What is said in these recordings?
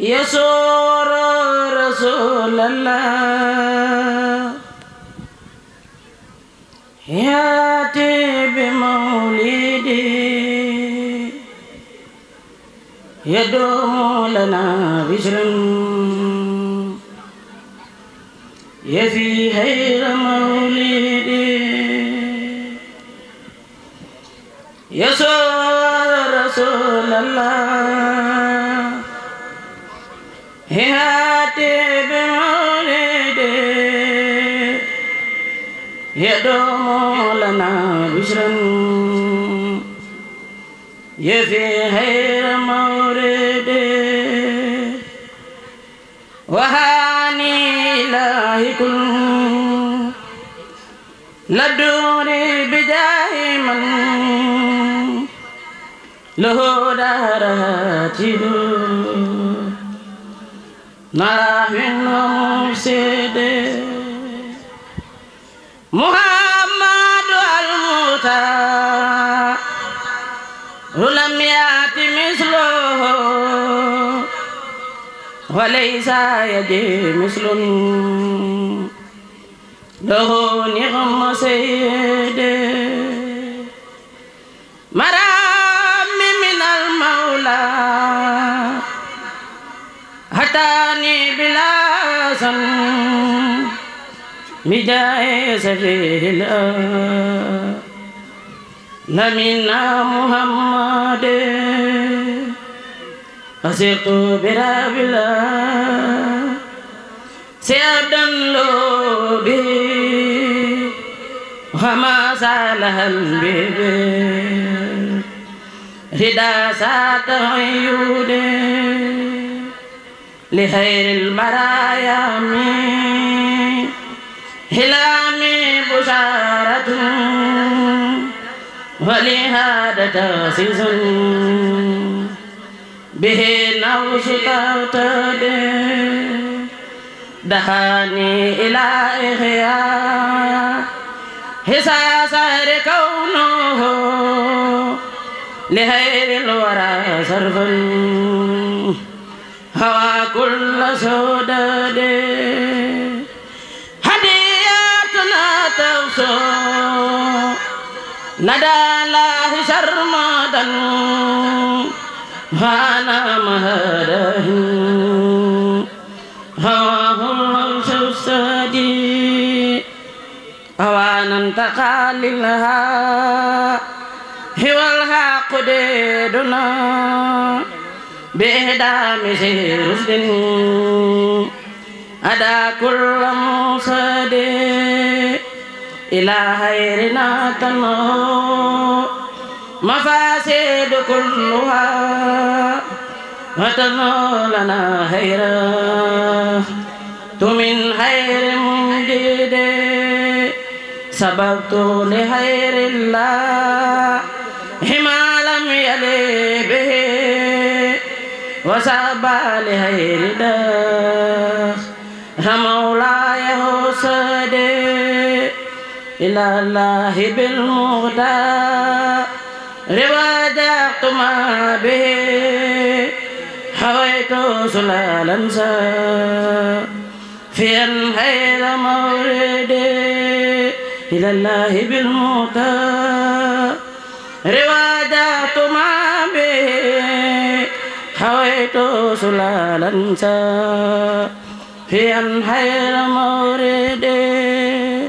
يسور رسول الله ياتي بمولدي يدوم لنا بشر يفي خير مولدي يسور رسول الله هاتي بمولدي يدوم لنا بشرا يفي خير موردي وهاني إلهي كل لدوني بجاه من له دارات ناح ومفسد محمد المختار لم يأت مثله وليس يجي مثل له نعم سيد مرام من المولى لساني بلا سم بجاه سفيه الأرض لمنا محمد أسرت براب الله سيبدا لودي وما ساله البيبي هدا ساته يودي لخير المرايا هلامي بشارة ولهذا تاسيس به نوش توتد دهاني إلى إحياء حساسر كونه لخير الورى صرفا هوى كل سوداد هدياتنا تغسو ندى الله شرمدا هانا مهده هواه الغوث السادي أوانا انتقى للها هو الها قديدنا بإهدام رشد أدا كل مصد إلى خيرنا تنو مفاسد كلها وتنو لنا خيرا من خير مجد سببت لخير الله وسعبا لهير داخ مولاي وسدي إلى الله بالمغدى روادات ما به حويت سلالا في غير موردي إلى الله بالمغدى روادات ما به رويت سلالا سافيا حير موردي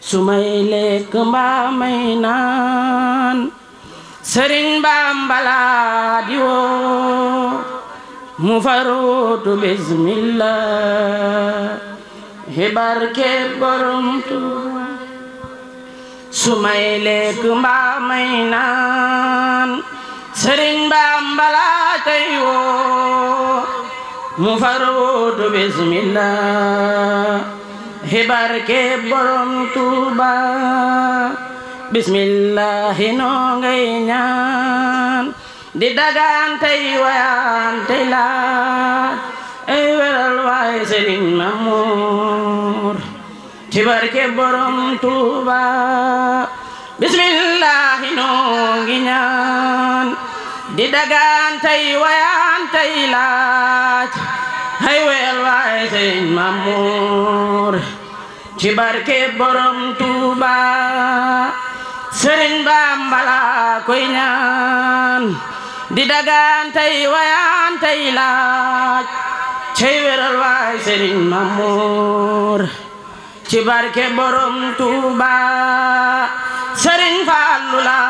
سمي لك ما مينان سرين بام بلاديو مفروت بسم الله هبارك برمتو sumay lekk mbaa may naan sëriñ Bamba laa tey woo mu farwutu bismillah xibaar ke Tuuba bismillah noo ngay ñaan di dagaan tey wayaan tey laat ay weral waay sëriñ Mamour ci barke Tuuba bismillah noo ngi ñaan di dagaan tey wayaan tey laaj hay weel waay sëñ Mamour ci barke borom Tuuba sëriñ Bamba la koy ñaan di dagaan tey wayaan tey laaj cey weral waay sëriñ Mamour ci barke borom Tuuba sëriñ Fallu la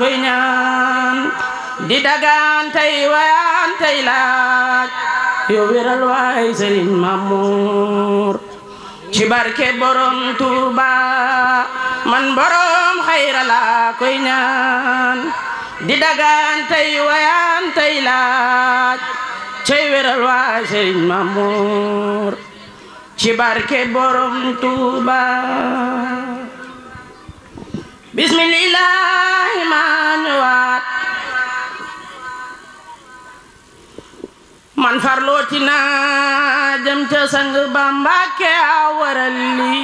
koy ñaan di dagaan tey wayaan tey laaj yow wéral waay sëriñ Mamour ci barke borom Tuuba man borom xayra laa koy ñaan di dagaan tey wayaan tey laaj cey wéral waay sëriñ Mamour ci barke borom Tuuba bismillahi maan waay man farlooti naa jëm ca sang Bamba ke a waral li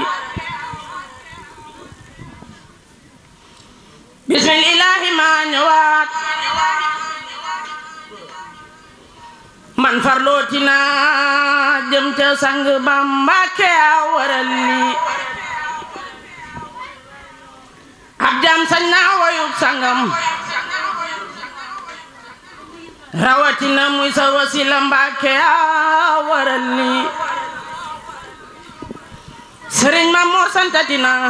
bismil ilaahi maa ñëwaat man farlooti naa jëm ca sang Bamba ke a waral li ab jam sañ naa woyub sangam rawatina muy sa wasila mbàkke yaa waral lii sëriñ ma moo santati naa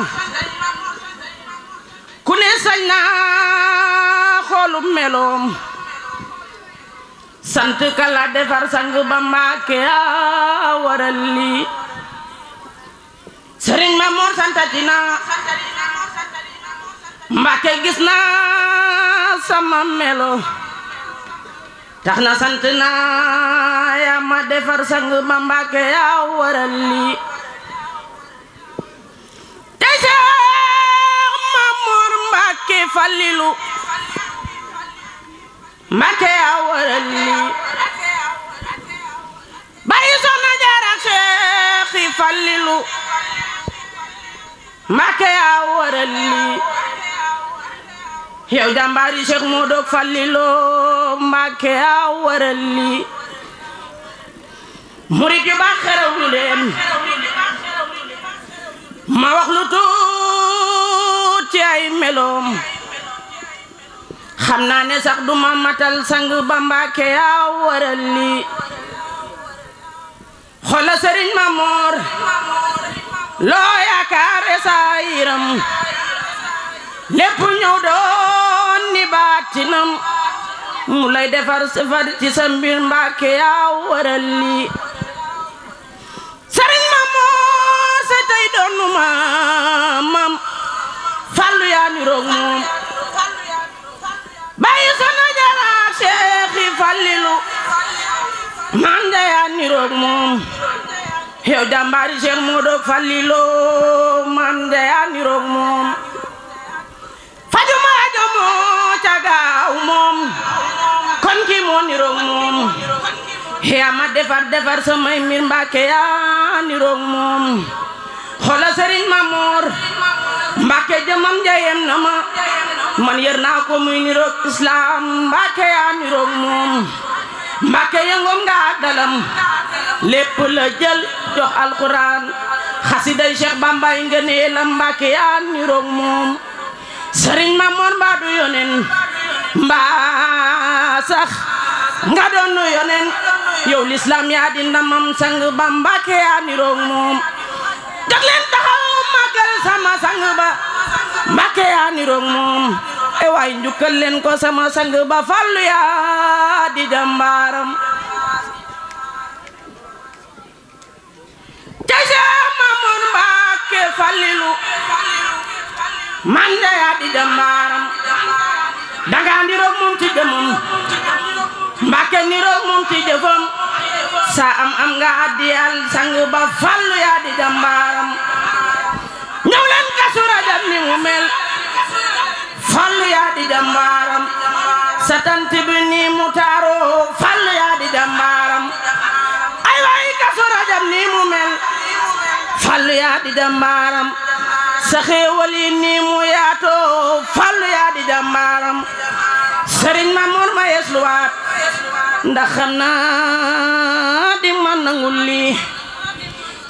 ku ne sañ sant kala defar sang ba mbàkke sama melo tax na sant naa yaa defar sang ma Mbàkke yaa waral lii te Seex Mamoor Mbàkke Falilu Mbàkke yaa waral lii bàyyi soxna Jaara Seexi Falilu Mbàkke yaa waral lii yow jàmbaari Cheikh Modou Fallilou Mbacké a waral lii ba xerew ñu len ma wax lu tu ci ay melom xamna ne sax duma matal sang ba Mbacké a waral lii xoolal sëriñ Mamoor loo yaakaare saa yiram baatinam mu lay defar sifar ci sa mbir waral lii sëriñ ma moor sa tey doonu maamam fallu yaa ni roog moom bàyyi soxna fallilu man de yaa ni roog moom yow jàmbaari seex moo doog raw moom kon ki moo niroog moom yaa ma defar defar samay mbir Mbàkke yaa niroog moom xoola sëriñ ma moor Mbàkke jëmam jayem na ma man yër naa ko muy niroog islaam Mbàkke yaa niroog moom Mbàkke yëngoom nga dalam lépp la jël jox alxuraan xasiday Cheikh Bamba yi ngeen yelam yaa niroog moom sëriñ ma moor mbaa du yonen mbaa sax nga doon yonen yow lislaam yaa di ndamam sang ba mbàkke yaa niroog moom jot leen taxaw màggal sama sang ba mbàkke yaa niroog moom e waay njukkal leen ko sama sang ba fàllu yaa di jàmbaaram Falilu man de yaa di jàmbaaram Daga niroog moom ci gëmam Mbàkke niroog moom ci am am nga addiyal sang fallu yaa di jàmbaaram ñëw leen ni mu fallu yaa di ay waay Kazu Rajab ni mu fallu yaa di sa xéewal yi nii mu yaatoo fallu yaa di jàmbaaram sëriñ ma moor ma ndax xam naa di man nangul lii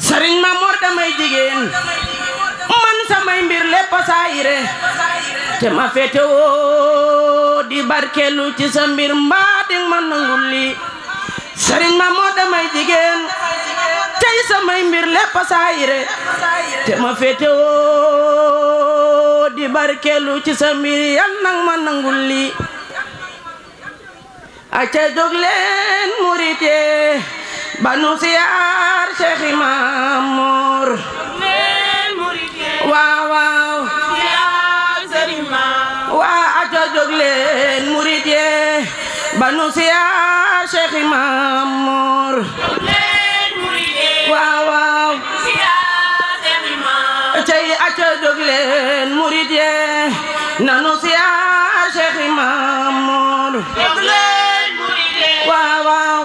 sëriñ ma moor damay jigéen man samay mbir lépp saa ire te ma féete woo di barkeelu ci sa mbir mbaa di man nangul lii sëriñ ma moor damay jigéen tey samay mbir lépp saa te ma féete woo di barkeelu ci sa mbir yal nag ma nangul li acca jóg leen murite ba nu siyaar Cheikh Imam Mor waaw waa acca jóg leen murite ba nu siyaar Cheikh Imam Mor waaw waaw cey aca jóg leen murit yee nanu siyaar Cheikh Imam Moor waaw waaw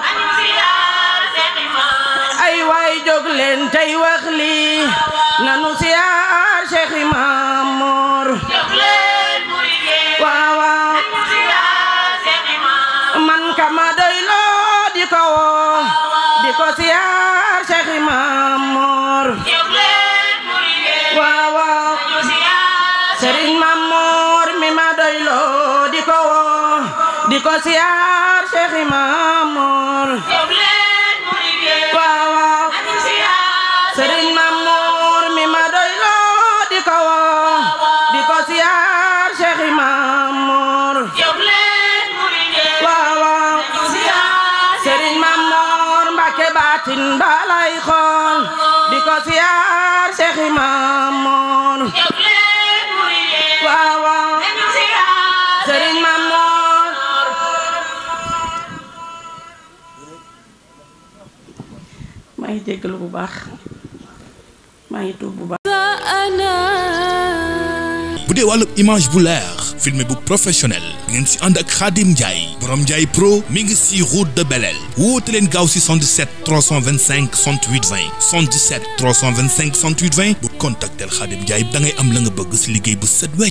ay waay jóg leen tey wax lii nanu siyaar Cheikh Imam Mor jóg leen murid yi waaw waaw Sëriñ Mamour mi ma doy loo di ko woo di ko siyaar Cheikh Imam Mor jóg leen murid yi waaw waaw Sëriñ Mamour Mbàkke baatin balay xool di ko siyaar Cheikh Imam maa ngi jéggalu bu baax maa ngi tuub bu baax. bu dee wàllu image bu leer filmé bu professionnel ngeen si ànd ak Khadim Ndiaye borom Ndiaye pro mi ngi si route de Belel woote leen gaaw si 77 325 68 20 77 325 68 20 bu contactel Khadim Ndiaye da ngay am la nga bëgg si liggéey bu set